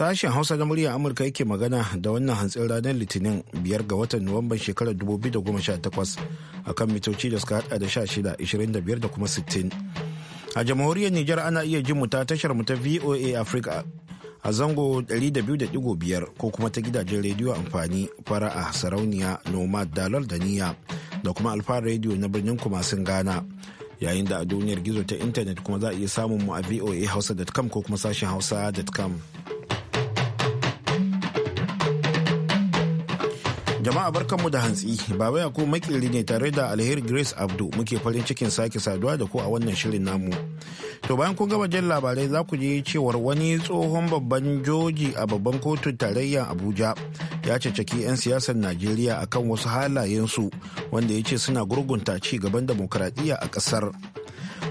Sashen Hausa na muryar Amurka yake magana da wannan hantsin ranar Litinin biyar ga watan Nuwamban shekarar 2018 a kan mitoci da suka hada da 16.25 da kuma 60. A jamhuriyar Nijar ana iya jin mu ta tashar mu ta VOA Africa a zango 200.5 ko kuma ta gidajen rediyo amfani fara a sarauniya nomad dalar da niya da kuma alfa rediyo na birnin kumasin ghana yayin da a duniyar gizo ta intanet kuma za a iya samun mu a voa hausa.com ko kuma sashen hausa.com Jama'a barkanmu da hantsi, Baba Yakubu makili ne tare da Alheri Grace Abdu muke farin cikin sake saduwa da ku a wannan shirin namu. To bayan kun gama jin labarai za ku je cewar wani tsohon babban joji a babban kotun tarayyar Abuja ya caccaki 'yan siyasar Najeriya akan wasu halayen su wanda ya ce suna gurgunta ci gaban demokuraɗiyya a ƙasar.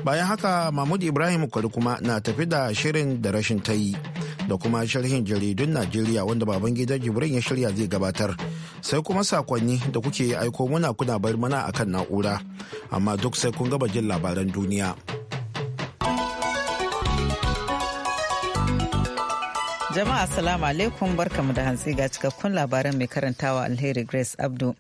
Bayan haka Mahmud Ibrahim Kwari kuma na tafi da shirin da rashin tayi da kuma sharhin jaridun Najeriya wanda baban gidan Jibrin ya shirya zai gabatar. sai kuma sakonni da kuke aiko muna kuna bar mana akan na'ura amma duk sai kun gaba jin labaran duniya jama'a salamu alaikum barkamu da hantsi ga cikakkun labaran mai karantawa alheri grace abdu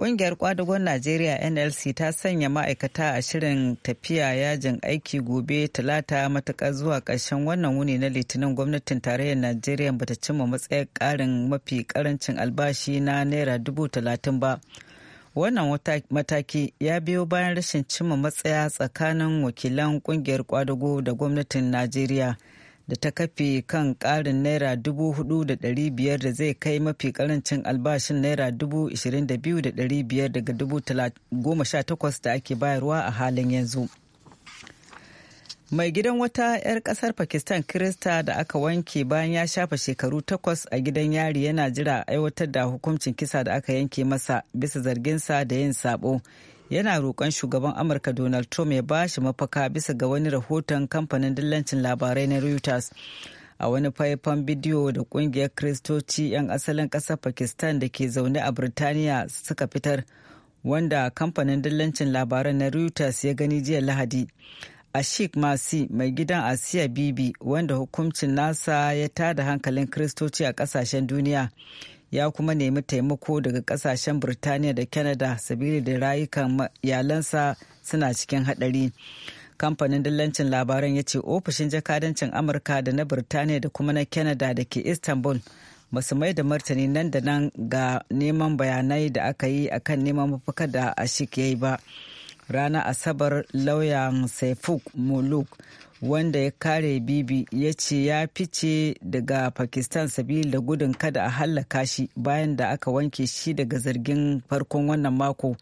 Ƙungiyar kwadagon Najeriya NLC ta sanya ma'aikata a shirin tafiya yajin aiki gobe talata matuƙa zuwa ƙarshen wannan wuni na litinin gwamnatin tarayyar Najeriya bata cimma matsayar ƙarin mafi ƙarancin albashi na naira dubu talatin ba. Wannan mataki ya biyo bayan rashin cimma matsaya tsakanin wakilan ƙungiyar kwadago da gwamnatin Najeriya. da ta kafe kan ƙarin naira dubu hudu da ɗari biyar da zai kai mafi ƙarancin albashin naira dubu ishirin da biyu da ɗari biyar daga dubu goma sha takwas da ake bayarwa a halin yanzu. Mai gidan wata 'yar ƙasar Pakistan Kirista da aka wanke bayan ya shafa shekaru takwas a gidan yari yana jira aiwatar da hukuncin kisa da aka yanke masa bisa zarginsa da yin sabo. yana roƙon shugaban amurka donald trump ya bashi mafaka bisa ga wani rahoton kamfanin dillancin labarai na reuters a wani faifan bidiyo da ƙungiyar kristoci 'yan asalin ƙasar pakistan da ke zaune a birtaniya suka fitar wanda kamfanin dillancin labarai na reuters ya gani jiya lahadi ashik masi mai gidan asiya bibi wanda hukuncin nasa ya tada hankalin kristoci a ƙasashen duniya ya kuma nemi taimako daga kasashen Birtaniya da Canada sabili da rayukan yalansa suna cikin hadari. Kamfanin dillancin labaran ya ce ofishin jakadancin Amurka da na Birtaniya da kuma na Canada da ke Istanbul ba su mai da martani nan da nan ga neman bayanai da aka yi a kan neman mafaka da ashik ya yi ba. Ranar Asabar lauyan Saifuk Muluk wanda ya kare bibi ya ce ya fice daga pakistan sabili da gudun kada a hallaka shi bayan da aka wanke shi daga zargin farkon wannan mako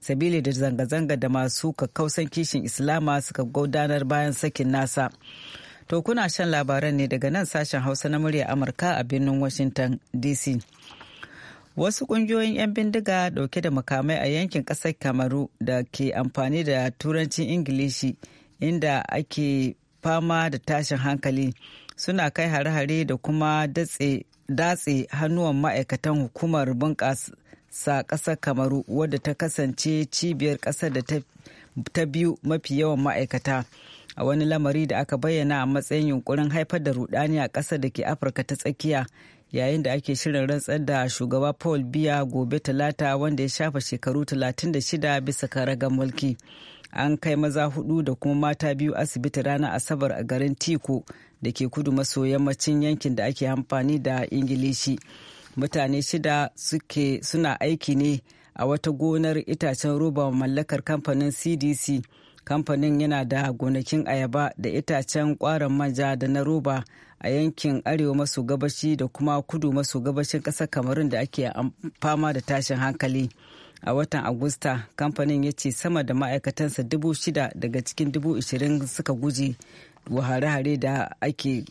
sabili da zanga-zanga da masu kakkausan kishin islama suka gudanar bayan sakin nasa to kuna shan labaran ne daga nan sashen hausa na murya amurka a birnin washington dc wasu kungiyoyin 'yan bindiga dauke da makamai a yankin kasar kamaru da ke amfani da turancin ingilishi inda ake fama da tashin hankali suna kai hare-hare da kuma datse hannuwan ma'aikatan hukumar bunƙasa ƙasar kamaru wadda ta kasance cibiyar ƙasar da ta biyu mafi yawan ma'aikata a wani lamari da aka bayyana a matsayin yunkurin haifar da rudani a ƙasar da ke afirka ta tsakiya yayin da ake shirin rantsar da shugaba paul biya gobe talata wanda ya shafa shekaru 36 bisa karagar mulki. mulki an kai maza hudu da kuma mata biyu asibiti ranar asabar a garin tiko da ke kudu maso yammacin yankin da ake amfani da ingilishi mutane shida suke suna aiki ne a wata gonar itacen roba mallakar kamfanin cdc kamfanin yana da gonakin ayaba da itacen kwaron manja da na roba a yankin arewa maso gabashi da kuma kudu maso gabashin ƙasar kamarun da ake fama da tashin hankali. a watan agusta kamfanin ya ce sama da ma'aikatansa dubu shida daga cikin dubu ishirin suka guje hare-hare da ake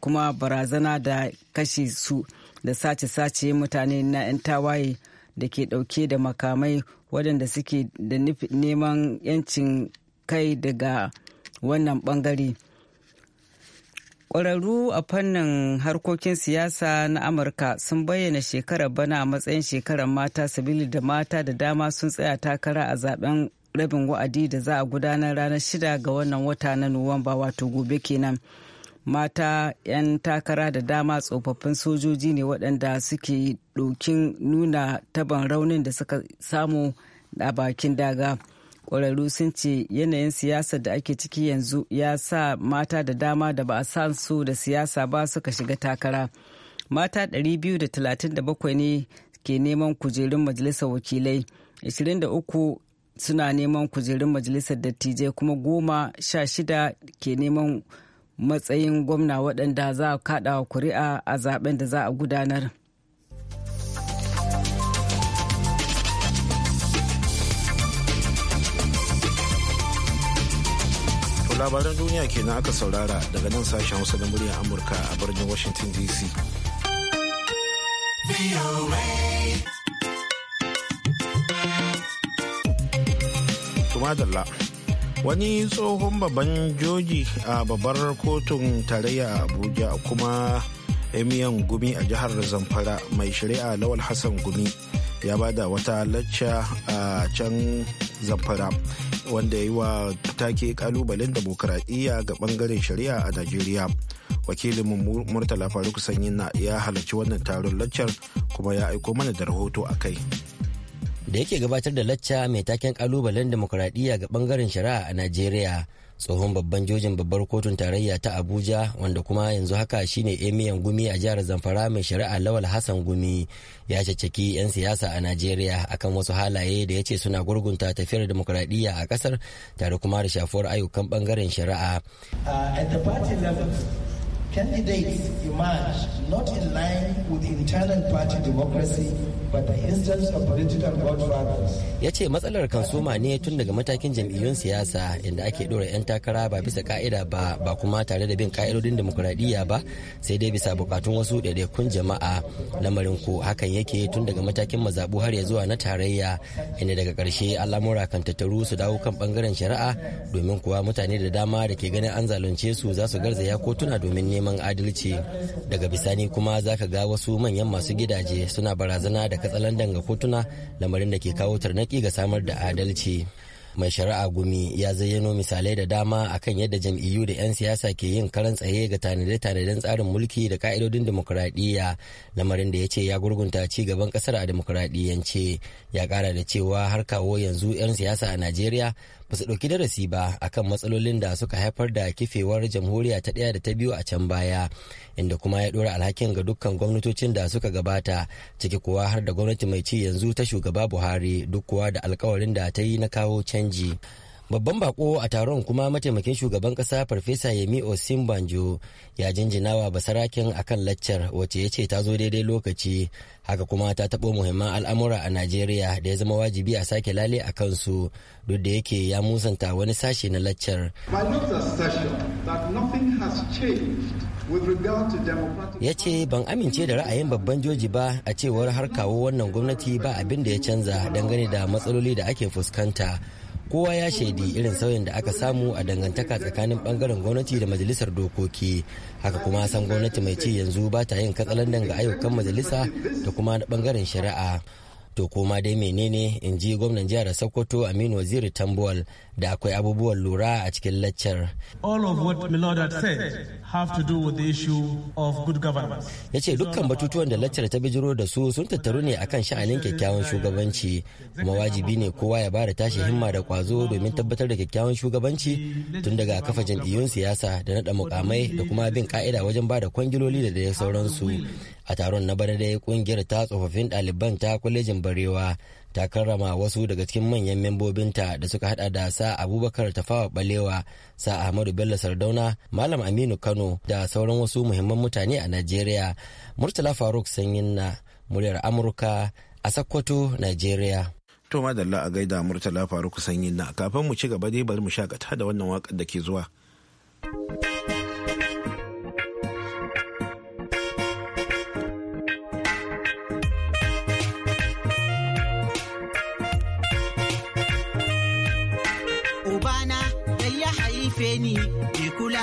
kuma barazana da kashe su da sace-sace mutane na 'yan tawaye da ke dauke da makamai waɗanda suke da neman 'yancin kai daga wannan bangare. Ƙwararru a fannin harkokin siyasa na Amurka sun bayyana shekarar bana a matsayin shekarar mata sabili da mata da dama sun tsaya takara a zaben rabin wa'adi da za a gudanar ranar shida ga wannan wata na Nuwamba wato gobe kenan. Mata 'yan takara da dama tsofaffin sojoji ne waɗanda suke ɗaukin nuna taban raunin da suka samu a bakin daga. ƙwararru sun ce yanayin siyasar da ake ciki yanzu ya sa mata da dama da ba a san su da siyasa ba suka shiga takara mata 237 ne ke neman kujerun majalisar wakilai 23 suna neman kujerun majalisar dattijai kuma goma sha shida ke neman matsayin gwamna waɗanda za a kaɗa kuri'a a zaben da za a gudanar. labaran duniya kenan aka saurara daga nan sashen hausa na muryar amurka a birnin washington dc wani tsohon babban joji a babbar kotun tarayya abuja kuma emiyan gumi a jihar zamfara mai shari'a lawal hassan gumi ya bada wata lacca a can zamfara wanda ya yi wa take kalubalen demokuraɗiyya ga bangaren shari'a a najeriya wakilin murtala faruk sanyi na ya halarci wannan taron laccar kuma ya aiko mana da rahoto a kai da yake gabatar da lacca mai taken kalubalen demokuraɗiyya ga bangaren shari'a a najeriya tsohon babban jojin babbar kotun tarayya ta abuja wanda kuma yanzu haka shine emiyan gumi a jihar zamfara mai shari'a lawal hassan gumi ya caccaki 'yan siyasa a najeriya akan wasu halaye da ya ce suna gurgunta tafiyar demokuraɗiyya a kasar tare kuma da shafuwar ayyukan bangaren shari'a uh, candidates emerge not in line with internal party democracy but the instance of political godfathers. Ya matsalar kansuma ne tun daga matakin jam'iyyun siyasa inda ake ɗora 'yan takara ba bisa ka'ida ba ba kuma tare da bin ka'idodin demokuraɗiyya ba sai dai bisa bukatun wasu ɗaiɗaikun jama'a lamarin ko hakan yake tun daga matakin mazabu har ya zuwa na tarayya inda daga ƙarshe al'amura kan tattaru su dawo kan ɓangaren shari'a domin kuwa mutane da dama da ke ganin an zalunce su za su garzaya kotuna domin neman neman adalci daga bisani kuma za ka ga wasu manyan masu gidaje suna barazana da katsalandan ga kotuna lamarin da ke kawo tarnaki ga samar da adalci mai shari'a gumi ya zayyano misalai da dama akan yadda jam'iyyu da 'yan siyasa ke yin karan tsaye ga tanade-tanaden tsarin mulki da ka'idodin demokuraɗiyya lamarin da ya ce ya gurgunta ci gaban kasar a demokuraɗiyyance ya ƙara da cewa har kawo yanzu 'yan siyasa a najeriya ba su ɗauki darasi ba akan matsalolin da suka haifar da kifewar jamhuriya ta ɗaya da ta biyu a can baya inda kuma ya ɗora alhakin ga dukkan gwamnatocin da suka gabata ciki kuwa har da gwamnati mai ci yanzu ta shugaba buhari duk kuwa da alkawarin da ta yi na kawo canji babban bako a taron kuma mataimakin shugaban kasa farfesa yemi osinbanjo ya jinjinawa basaraken akan laccar wacce ya ce ta zo daidai lokaci haka kuma ta taɓo muhimman al'amura a najeriya da ya zama wajibi a sake lale a kansu duk da yake ya musanta wani sashe na laccar ya ce ban amince da ra'ayin babban joji ba a cewar har kawo wannan gwamnati ba abin da ya canza dangane da matsaloli da ake fuskanta kowa ya shaidi irin sauyin da aka samu a dangantaka tsakanin bangaren gwamnati da majalisar dokoki haka kuma san gwamnati mai ci yanzu ba ta yin katsalandan ga ayyukan majalisa da kuma na bangaren shari'a to koma dai menene in ji gwamnan jihar sokoto aminu waziri tambuwal da akwai abubuwan lura a cikin laccar. All of what Milord had said have to do with the issue of good governance. Ya ce dukkan batutuwan da laccar ta bijiro da su sun tattaru ne akan sha'anin kyakkyawan shugabanci kuma wajibi ne kowa ya bada tashi himma da kwazo domin tabbatar da kyakkyawan shugabanci tun daga kafa jam'iyyun siyasa da naɗa mukamai da kuma bin ka'ida wajen bada kwangiloli da dai sauransu. A taron na bana dai kungiyar ta tsofaffin ɗaliban ta kwalejin Barewa ta karrama wasu daga cikin manyan membobinta da suka hada da sa abubakar tafawa balewa sa ahmadu bello sardauna malam aminu kano da sauran wasu muhimman mutane a najeriya murtala faruk sanyin muryar amurka a sakkwato najeriya to madalla a gaida murtala faruk sanyin kafin mu ci gaba dai bari mu shakata da wannan wakar da ke zuwa.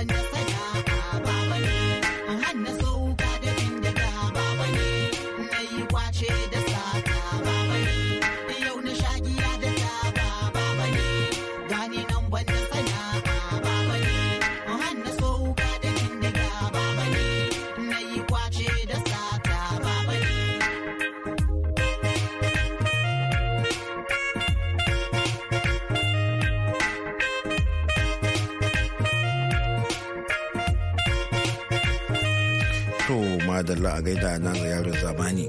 acompañas allá. za a gaida na ziyarar zamani.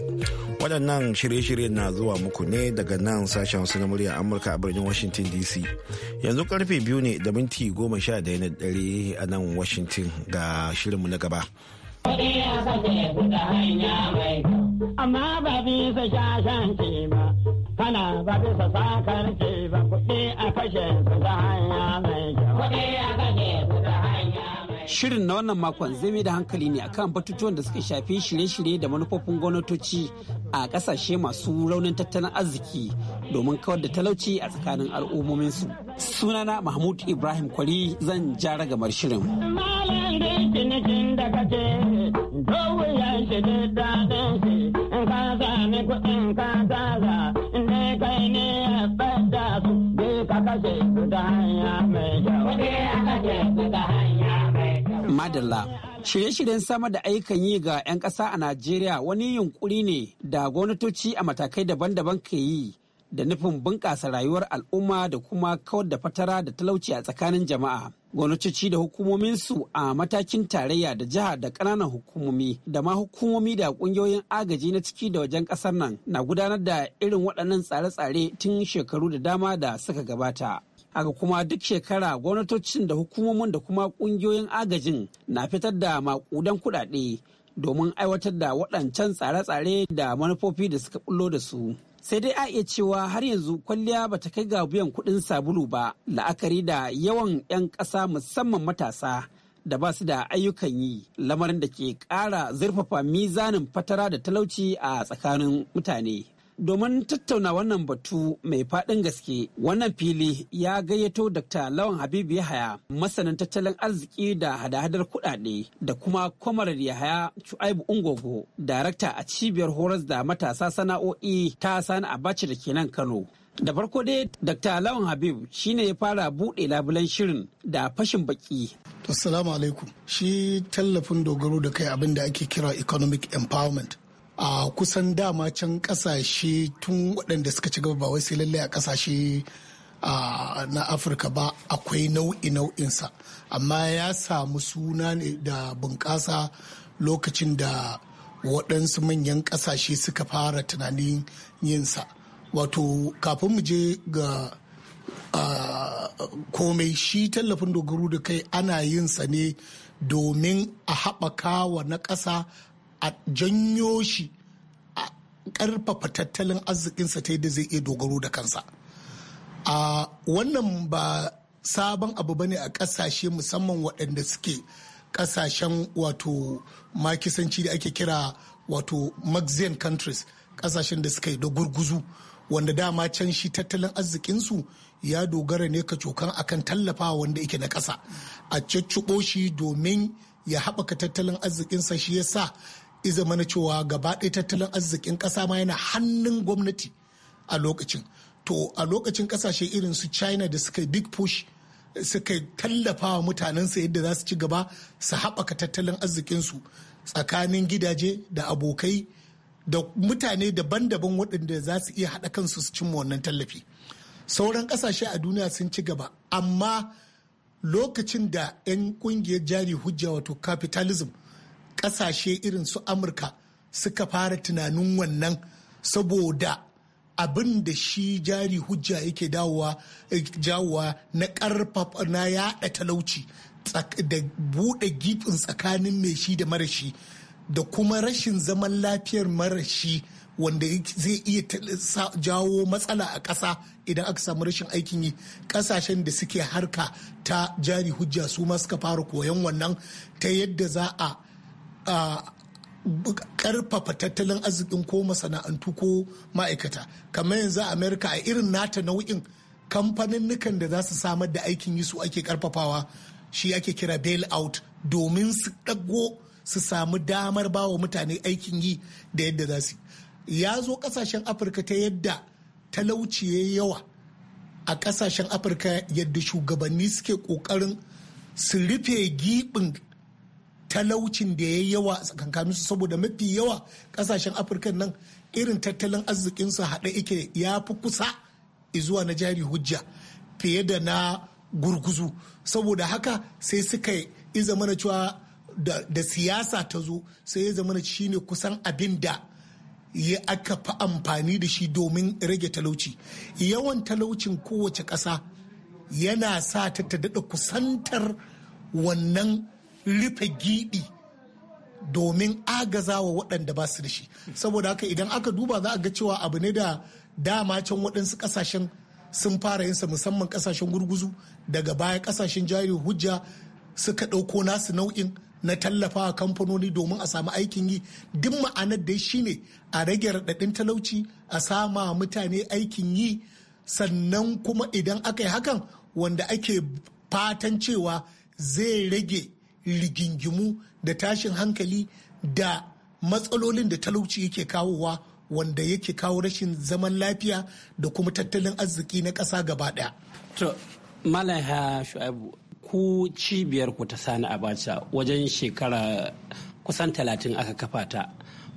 Waɗannan shirye-shirye na zuwa muku ne daga nan sashen wasu na murya Amurka a birnin Washington DC. Yanzu karfe biyu ne da minti goma sha daya na dare a nan Washington ga shirinmu na gaba. Amma ba bisa shashanci ba, kana ba bisa ba, kuɗi a kashe su ta hanya mai kyau. Shirin na wannan makon zai mai da hankali ne akan batutuwan da suka shafi shirye-shirye da manufofin gwamnatoci a kasashe masu raunin tattalin arziki domin kawar da talauci a tsakanin al'ummominsu. Sunana Mahmud Ibrahim Kwari zan ja ragamar shirin. Ka ne kuɗin ka ne kai ne ya Madalla. Shirye-shiryen samar da ayyukan yi ga 'yan ƙasa a Najeriya wani yunkuri ne da gwamnatoci a matakai daban-daban ke yi da nufin bunƙasa rayuwar al'umma da kuma kawar da fatara da talauci a tsakanin jama'a. gwamnatoci da hukumominsu a matakin tarayya da jiha da ƙananan hukumomi da ma hukumomi da ƙungiyoyin agaji na ciki da wajen ƙasar nan na gudanar da irin waɗannan tsare-tsare tun shekaru da dama da suka gabata. Haka kuma duk shekara gwamnatocin da hukumomin da kuma ƙungiyoyin agajin na fitar da maƙudan kuɗaɗe domin aiwatar da waɗancan tsare-tsare da manufofi da suka bullo da su. sai dai a iya cewa har yanzu kwalliya ba ta kai ga biyan kuɗin sabulu ba la'akari da yawan 'yan ƙasa musamman matasa da ba su da ayyukan yi lamarin da ke ƙara zurfafa mizanin fatara da talauci a tsakanin mutane. Domin tattauna wannan batu mai faɗin gaske, wannan fili ya gayyato Dr. Lawan Habibu Yahaya, masanin tattalin arziki da hada-hadar kuɗaɗe da kuma Kwamarar Yahaya Shu'aibu Ungogo, darakta a cibiyar horas da matasa sana'o'i ta Sani Abacha da ke nan Kano. Da farko dai Dr. Lawan Habib shine ya fara buɗe labulen shirin da fashin baki. Assalamu alaikum. Shi tallafin dogaro da kai abin da ake kira economic empowerment a kusan dama can kasashe tun waɗanda suka ci gaba ba wai sai lallai a kasashe na afirka ba akwai nau'i nau'insa amma ya samu suna ne da bunƙasa lokacin da waɗansu manyan ƙasashe suka fara tunanin yinsa wato kafin mu je ga komai shi tallafin dogaro da kai ana yinsa ne domin a haɓaka wa na ƙasa a janyo shi a ƙarfafa tattalin arzikinsa ta yadda zai iya dogaro da kansa a wannan ba sabon abu ba ne a ƙasashe musamman waɗanda suke ƙasashen wato makisanci da ake kira wato maxian countries ƙasashen da suka yi da gurguzu wanda dama can shi tattalin arzikinsu ya dogara ne ka kacokan akan tallafa wanda yake na ƙasa a cacciɓo shi domin ya haɓaka tattalin arzikinsa shi ya sa zama na cewa gaba ɗaya tattalin arzikin ƙasa ma yana hannun gwamnati a lokacin to a lokacin ƙasashe irin su china da suka big push suka tallafa wa mutanensa yadda za su ci gaba su haɓaka tattalin arzikinsu tsakanin gidaje da abokai da mutane daban-daban waɗanda za su iya haɗa kansu su cimma wannan tallafi sauran ƙasashe a duniya sun ci gaba amma lokacin da 'yan ƙungiyar jari hujja wato capitalism kasashe irin su amurka suka fara tunanin wannan saboda abin da shi jari hujja yake dawowa eh, jawowa na karfafa na yada talauci da bude gifin tsakanin mai shi da marashi da kuma rashin zaman lafiyar marashi wanda zai iya jawo matsala a ƙasa idan aka samu rashin aikin yi ƙasashen da suke harka ta jari hujja su ma suka fara koyon wannan ta yadda za a karfafa tattalin arzikin ko masana'antu ko ma'aikata kamar yanzu amerika a irin nata nau'in kamfaninnikan da za su samar da aikin yi su ake karfafawa shi ake kira bail out domin su ɗago su samu damar ba wa mutane aikin yi da yadda za su ya zo kasashen afirka ta yadda talauci ya yawa a kasashen afirka yadda shugabanni suke kokarin su rufe giɓin talaucin da ya yawa a su saboda mafi yawa kasashen afirka nan irin tattalin arzikinsu haɗe ike ya fi kusa zuwa na jari hujja fiye da na gurguzu saboda haka sai suka yi zamana cewa da, siyasa ta zo sai ya zamana shi ne kusan abin da ya aka fi amfani da shi domin rage talauci yawan talaucin kowace ƙasa yana sa ta ta daɗa kusantar wannan rufe giɗi domin agaza wa waɗanda ba su da shi saboda haka idan aka duba za a ga cewa abu ne da dama can waɗansu ƙasashen sun fara yinsa musamman ƙasashen gurguzu daga baya ƙasashen jari hujja suka ɗauko nasu nau'in na tallafa kamfanoni domin a samu aikin yi duk ma'anar da shi ne a rage raɗaɗin talauci a sama mutane aikin yi sannan kuma idan aka yi hakan wanda ake fatan cewa zai rage rigingimu da tashin hankali da matsalolin da talauci yake kawowa wanda yake kawo rashin zaman lafiya da kuma tattalin arziki na ƙasa gaba ɗaya. To, Shu'aibu, ku cibiyar ku ta sani abacha wajen shekara kusan talatin aka kafa ta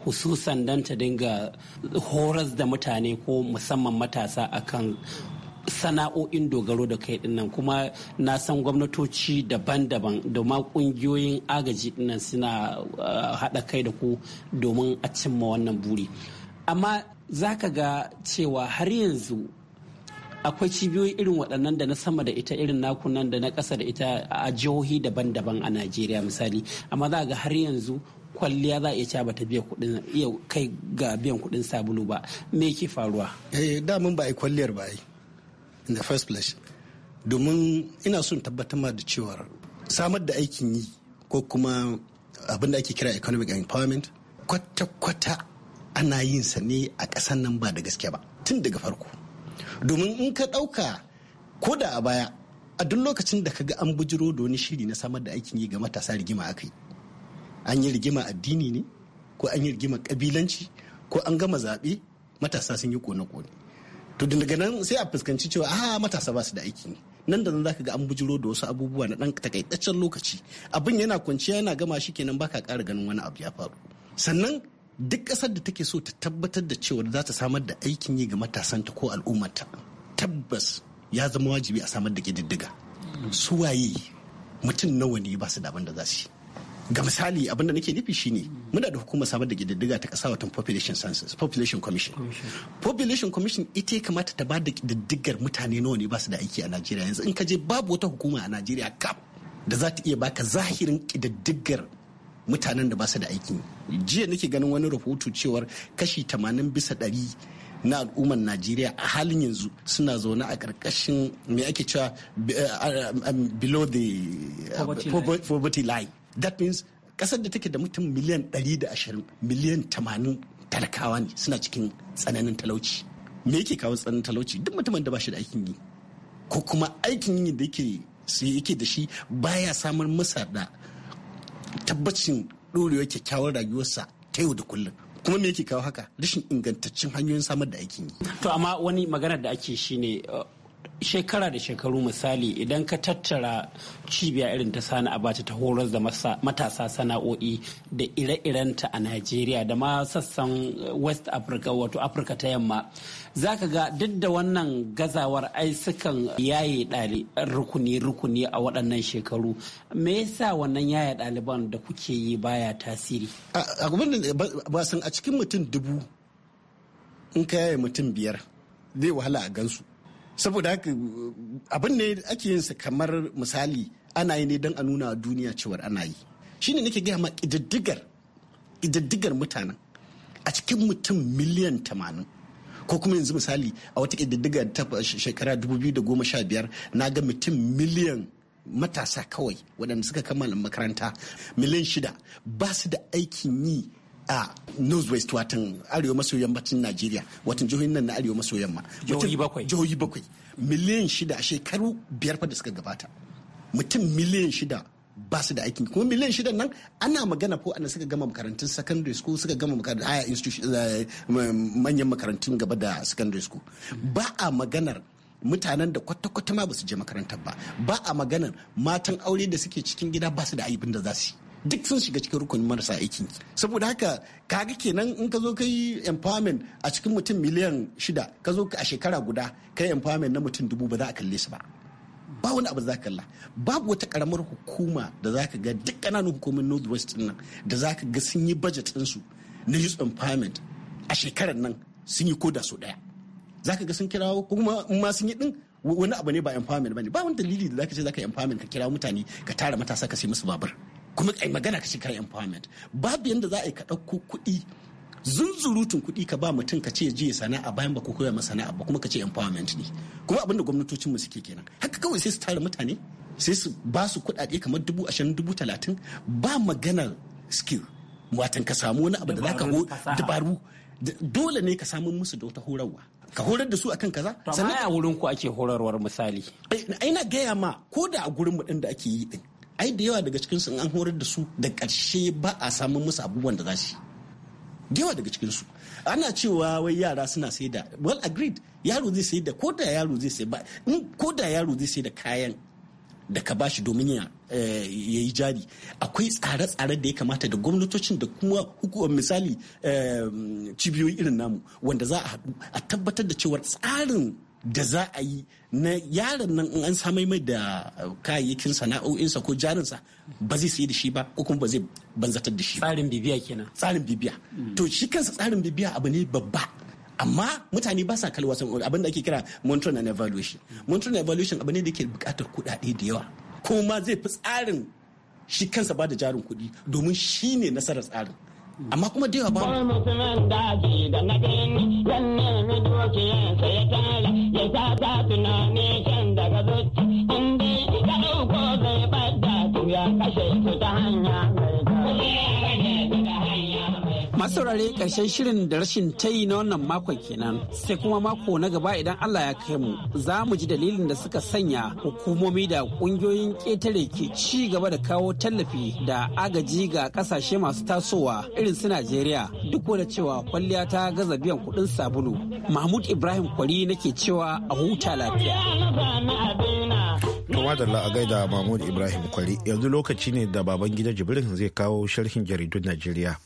hususan don ta dinga horas da mutane ko musamman matasa akan sana'o'in dogaro da kai dinnan kuma na san gwamnatoci daban-daban domin kungiyoyin agaji dinnan suna eh, haɗa kai da ku domin a cimma wannan buri amma za ka ga cewa har yanzu akwai cibiyoyi irin waɗannan da na sama da ita irin nakunan da na ƙasa da ita a jihohi daban-daban a najeriya misali amma za ga har yanzu kwalliya za a iya cewa bata biya kuɗin iya kai ga biyan kuɗin sabulu ba me ke faruwa eh da mun ba ai kwalliyar ba ai in the first place domin ina son tabbatar da cewa samar da aikin yi ko kuma abin da ake kira economic empowerment kwata-kwata ana yin sa ne a ƙasan nan ba da gaske ba tun daga farko domin in ka ɗauka ko da a baya a duk lokacin da ka ga an bujiro da wani shiri na samar da aikin yi ga matasa rigima aka yi an yi rigima addini ne ko an yi rigima kabilanci ko an gama zaɓe matasa sun yi kone-kone to daga nan sai a fuskanci cewa a ah, matasa ba su da aiki nan da nan zaka ga an bujiro da wasu abubuwa na ɗan takaitaccen lokaci abin yana kwanciya yana gama shi kenan baka ƙara ganin wani abu ya faru sannan duk ƙasar da take so ta tabbatar da cewa za ta samar da aikin yi ga matasanta ko al'ummata tabbas ya zama wajibi a samar da ƙididdiga su waye mutum nawa ne ba su da abin da za su yi ga misali abin da nake nufi shine muna da hukumar samar da kididdiga ta kasa watan population census population commission population commission ita ya kamata ta ba da kididdigar mutane nawa ne ba da aiki a najeriya yanzu in ka je babu wata hukuma a najeriya kap da za ta iya baka zahirin kididdigar mutanen da ba da aiki jiya nake ganin wani rahoto cewar kashi tamanin bisa ɗari na al'ummar najeriya a halin yanzu suna zaune a ƙarƙashin me ake cewa eh, eh, um, below the poverty line that means kasar da take da mutum miliyan 120 miliyan 80 talakawa ne suna cikin tsananin talauci me yake kawo tsananin talauci duk mutumin da ba shi da aikin yi ko kuma aikin yi da yake yake da shi baya samar masa da tabbacin ɗorewar kyakkyawar rayuwarsa ta yau da kullum kuma me yake kawo haka rashin ingantaccen hanyoyin samar da aikin yi to amma wani magana da ake shine uh, shekara da shekaru misali idan ka tattara cibiya irin ta sani abacha ta horar da matasa sana'o'i da ire-irenta a najeriya da ma sassan eh, west africa wato afirka ta yamma za ka ga duk da wannan gazawar ai sukan yaye rukuni-rukuni a waɗannan shekaru me yasa wannan yaye ɗaliban da kuke yi baya tasiri a cikin mutum dubu in ka yaye mutum biyar zai wahala a gansu saboda abin ne ake yin sa kamar misali ana yi ne don a nuna duniya cewar ana yi shine nake gaya ma ƙididdigar ƙididdigar mutanen a cikin mutum miliyan tamanin ko kuma yanzu misali a wata ƙididdigar ta shekara 2015 na ga mutum miliyan matasa kawai waɗanda suka kammala makaranta miliyan shida ba su da aikin yi a northwest watan arewa maso yammacin najeriya watan jihohin nan na arewa maso yamma jihohi bakwai bakwai miliyan shida a shekaru biyar fa da suka gabata mutum miliyan shida ba su da aikin kuma miliyan shidan nan ana magana ko ana suka gama makarantun secondary school suka gama makarantun higher institution eh, manyan makarantun gaba da secondary school ba a maganar mutanen da kwata-kwata ma ba su je makarantar ba ba a maganar matan aure da suke cikin gida ba su da aibin da za su yi duk sun shiga cikin rukunin marasa aiki saboda haka kaga kenan in ka zo ka yi empowerment a cikin mutum miliyan shida ka zo a shekara guda ka yi empowerment na mutum dubu ba za a kalle su ba ba wani abu za ka kalla babu wata karamar hukuma da za ka ga duk kananan hukumar west nan da za ka ga sun yi budget ɗinsu na youth empowerment a shekarar nan sun yi koda sau ɗaya za ka ga sun kirawo kuma in ma sun yi ɗin wani abu ne ba empowerment ba ne ba wani dalili da za ka ce za ka empowerment ka kira mutane ka tara matasa ka sai musu babur kuma kai magana ka shiga employment babu yanda za a yi ka ɗauko kuɗi zunzurutun kuɗi ka ba mutum ka ce je sana'a bayan ba ku koya masa sana'a ba kuma ka ce employment ne kuma abin da mu suke kenan haka kawai sai su tara mutane sai su ba su kuɗaɗe kamar dubu ashirin dubu talatin ba maganar skill watan ka samu wani abu da za ka dabaru dole ne ka samu musu da wata horarwa ka horar da su akan kaza sannan a wurin ku ake horarwar misali eh, ina gaya ma ko da a gurin mu din da ake yi din ai da yawa daga cikin in an horar da su da ƙarshe ba a samu musu abubuwan da za su da yawa daga cikin ana cewa wai yara suna sai da well agreed yaro zai sai da ko da yaro zai sai ba ko da yaro zai sai da kayan da ka bashi domin eh, ya yi jari akwai tsare-tsare da ya kamata da gwamnatocin da kuma hukumar misali eh, cibiyoyi irin namu wanda za a haɗu a tabbatar da cewar tsarin da za a yi na yaron nan in an samai mai da uh, kayayyakin sana'o'insa ko jarinsa ba zai sayi da shi ba ko kuma ba zai banzatar da shi tsarin bibiya kenan tsarin bibiya mm. to shi kansa tsarin bibiya abu ne babba amma mutane ba sa san abin da ake kira monitoring and evaluation monitoring and evaluation abu ne da ke bukatar kuɗaɗe da yawa kuma zai fi tsarin shi kansa ba da jarin kuɗi domin shi ne nasarar tsarin amma kuma da yawa ba musulman daji da na birni yan nemi dukiyansa ya tara ya sa ta tunani can daga zuci inda ya ɗauko zai bada to ya kashe su ta hanya mai Masu saurare ƙarshen shirin da rashin ta yi na wannan makon kenan sai kuma mako na gaba idan Allah ya kai mu za mu ji dalilin da suka sanya hukumomi da ƙungiyoyin ƙetare ke ci gaba da kawo tallafi da agaji ga ƙasashe masu tasowa irin su Najeriya duk da cewa kwalliya ta gaza biyan kuɗin sabulu. Mahmud Ibrahim Kwari nake cewa a huta lafiya. Kama da la'agai da Mahmud Ibrahim Kwari yanzu lokaci ne da baban gida Jibrin zai kawo sharhin jaridun Najeriya.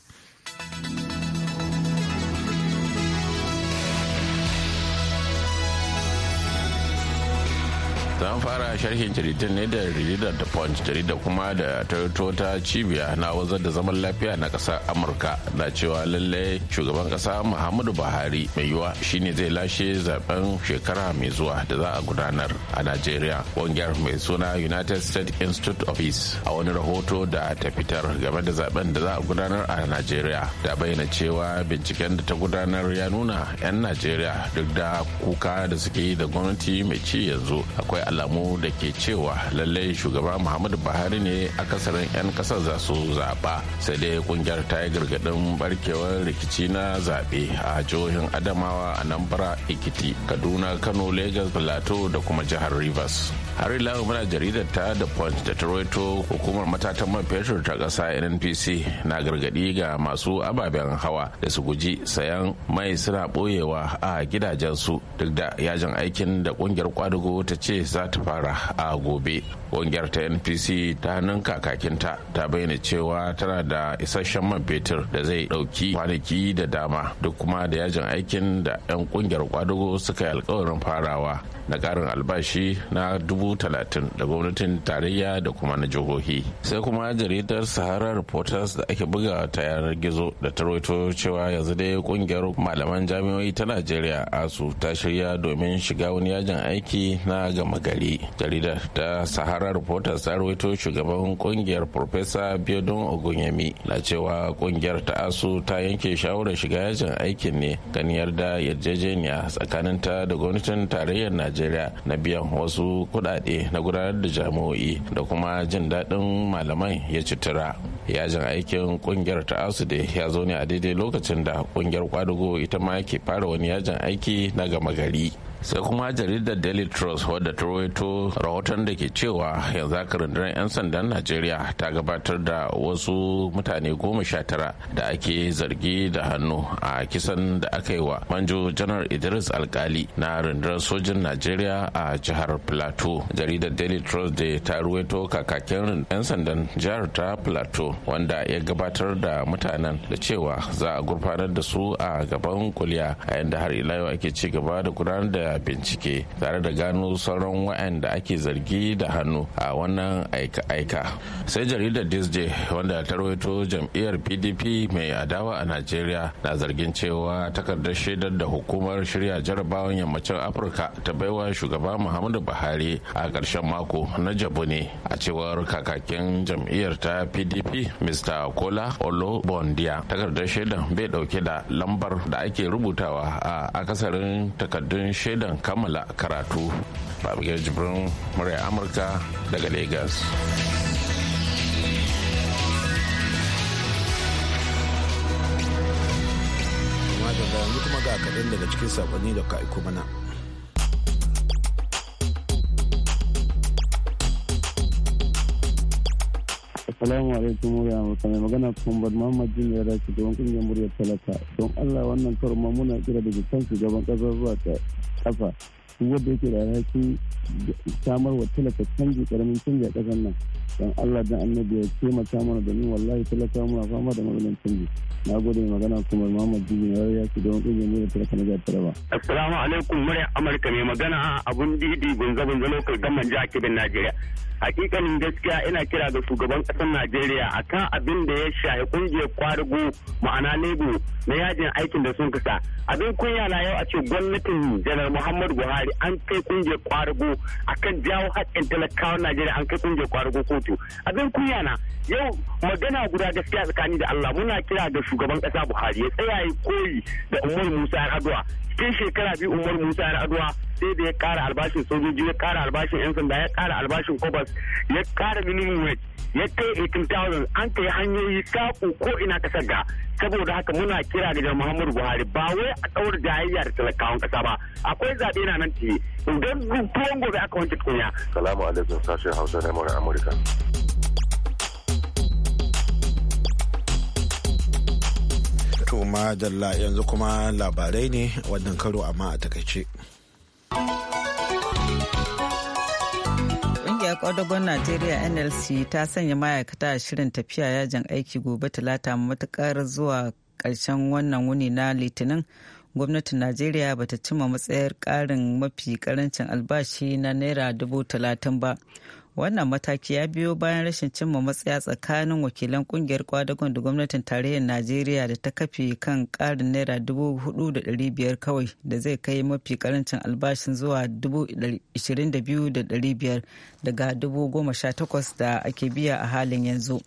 Então, para sharhin jaridar ne da jaridar da punch jaridar kuma da toyota cibiya na wazar da zaman lafiya na kasar amurka na cewa lallai shugaban kasa muhammadu buhari mai yiwa shine zai lashe zaben shekara mai zuwa da za a gudanar a najeriya ƙungiyar mai suna united states institute of peace a wani rahoto da ta fitar game da zaben da za a gudanar a najeriya da bayyana cewa binciken da ta gudanar ya nuna 'yan najeriya duk da kuka da suke yi da gwamnati mai ci yanzu akwai alamu da ke cewa lallai shugaba muhammadu buhari ne akasarin 'yan kasar za su zaɓa sai dai kungiyar ta yi gargaɗin barkewar rikici na zaɓe a jihohin adamawa a anambra ikiti kaduna kano lagos plateau da kuma jihar rivers har ila muna jaridar ta da punch da toronto hukumar matatan man fetur ta ƙasa nnpc na gargaɗi ga masu ababen hawa da su guji sayan mai suna ɓoyewa a gidajensu duk da yajin aikin da ƙungiyar kwadugo ta ce za ta fara a gobe ƙungiyar ta npc ta hannun kakakinta ta bayyana cewa tana da isasshen man fetur da zai ɗauki kwanaki da dama duk kuma da yajin aikin da 'yan ƙungiyar kwadugo suka yi alkawarin farawa na ƙarin albashi na dubu talatin da gwamnatin tarayya da kuma na jihohi sai kuma jaridar sahara reporters da ake buga ta yanar gizo da ta rawaito cewa yanzu dai ƙungiyar malaman jami'o'i ta najeriya asu ta shirya domin shiga wani yajin aiki na gama gari jaridar ta sahara reporters ta rawaito shugaban kungiyar profesa biodun ogunyemi na cewa kungiyar ta asu ta yanke shawarar shiga yajin aikin ne ganin yarda yarjejeniya tsakanin ta da gwamnatin tarayyar najeriya na biyan wasu kudade na gudanar da jami'o'i da kuma jin daɗin malamai ya citira yajin aikin kungiyar ta asu da ya zo ne a daidai lokacin da kungiyar kwadugo ita ma ke fara wani yajin aiki na gama gari sai kuma jaridar daily trust wadda ta rawaito rahoton da ke cewa yanzu haka rundunar 'yan sandan najeriya ta gabatar da wasu mutane goma sha tara da ake zargi da hannu a kisan da aka yi wa manjo janar idris alkali na rundunar sojin najeriya a jihar plateau jaridar daily trust da ta rawaito kakakin 'yan sandan jihar ta plateau wanda ya gabatar da mutanen da cewa za a gurfanar da su a gaban kuliya a yadda har ila yau ake ci gaba da gudanar da bincike tare da gano sauran waɗanda ake zargi da hannu a wannan aika-aika sai jaridar disje wanda ta rawaito jam'iyyar pdp mai adawa a najeriya na zargin cewa takardar shaidar da hukumar shirya jarabawan yammacin afirka ta baiwa shugaba muhammadu buhari a karshen mako na jabu ne a cewar kakakin jam'iyyar ta pdp mr kola olo bondia takardar shaidar bai dauke da lambar da ake rubutawa a akasarin takardun shaidar shaidan kammala karatu babbar jibrin murya amurka daga lagos yanzu kuma ga kaɗan daga cikin saƙonni da ka aiko mana Assalamu alaikum Amurka mai magana Kumbar Muhammad Jin ya dace don kungiyar muryar talaka don Allah wannan karo ma muna kira daga jikin shugaban kasar zuwa ta kafa duk yake da alhakin samar wa talaka canji karamin canji a ƙasar nan don allah dan annabi ya taimaka mana domin wallahi talaka muna fama da maganin canji na gode mai magana kuma muhammad jibi ya ya su don ƙungiyar mu da talaka na jihar taraba. assalamu alaikum murya amurka mai magana abun didi gunza gunza lokal gaman jihar kebin najeriya hakikanin gaskiya ina kira ga shugaban kasar najeriya akan abin da ya shaye kungiyar kwarigo ma'ana lebo na yajin aikin da sun kasa abin kunya na yau a ce gwamnatin janar muhammadu buhari an kai kungiyar a akan jawo haƙƙin talakawan najeriya an kai kungiyar kwarigo kotu abin kunya na yau magana guda gaskiya tsakani da allah muna kira ga shugaban kasa buhari ya tsaya koyi da umar musa yar'adua cikin shekara biyu umar musa yaraduwa sai da ya kara albashin sojoji ya kara albashin yan sanda ya kara albashin kobas ya kara minimum wage ya kai 18,000 an kai hanyoyi saƙo ko ina ka ga saboda haka muna kira ga Muhammadu Buhari ba wai a ɗaura jayayya da talakawan ƙasa ba akwai zaɓe na nan tiye idan tuwon gobe aka wanke tukunya. Salamu alaikum sashen Hausa na Amurka. to madalla yanzu kuma labarai ne wannan karo amma a takaice. Ƙungiyar ƙwadagon Najeriya NLC ta sanya ma'aikata a shirin tafiya yajin aiki gobe talata matukar zuwa ƙarshen wannan wuni na litinin gwamnatin najeriya bata cima matsayar ƙarin mafi ƙarancin albashi na naira dubu talatin ba wannan mataki ya biyo bayan rashin cimma matsaya tsakanin wakilan kungiyar kwadagon da gwamnatin tarayyar najeriya da ta kafe kan karin naira 4,500 kawai da zai kai mafi karancin albashin zuwa 22,500 daga 18,000 da ake biya a halin yanzu.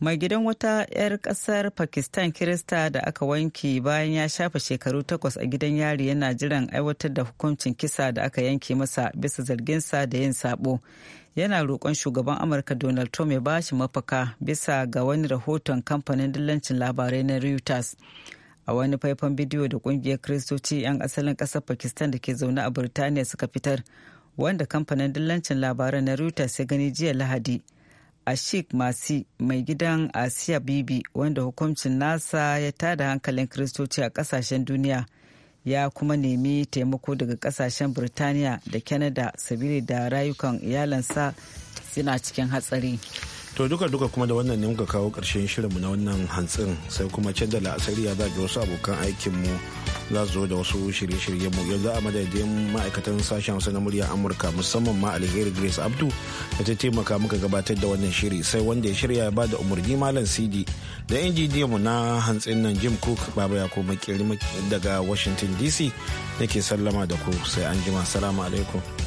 mai gidan wata 'yar kasar pakistan kirista da aka wanke bayan ya shafe shekaru takwas a gidan yari yana jiran aiwatar da hukuncin kisa da aka yanke masa bisa zarginsa da yin sabo yana roƙon shugaban amurka donald trump ya bashi mafaka bisa ga wani rahoton kamfanin dillancin labarai na reuters a wani faifan bidiyo da kungiyar kiristoci 'yan asalin ƙasar pakistan da ke zaune a birtaniya suka fitar wanda kamfanin dillancin labarai na reuters ya gani jiya lahadi ashik masi mai gidan asiya bibi wanda hukuncin nasa ya tada hankalin kiristoci a kasashen duniya ya kuma nemi taimako daga ƙasashen birtaniya da canada sabili da rayukan iyalansa suna cikin hatsari to duka duka kuma da wannan ne muka kawo ƙarshen shirinmu na wannan hantsin sai kuma da la'asari ya zaɓi wasu abokan aikinmu za su zo da wasu shirye-shirye mu yanzu a madadin ma'aikatan sashen wasu na murya amurka musamman ma alheri grace abdu da ta taimaka muka gabatar da wannan shiri sai wanda ya shirya ya bada umarni malam cd da injiniyan mu na hantsin nan jim cook baba ya koma daga washington dc nake sallama da ku sai an jima salamu alaikum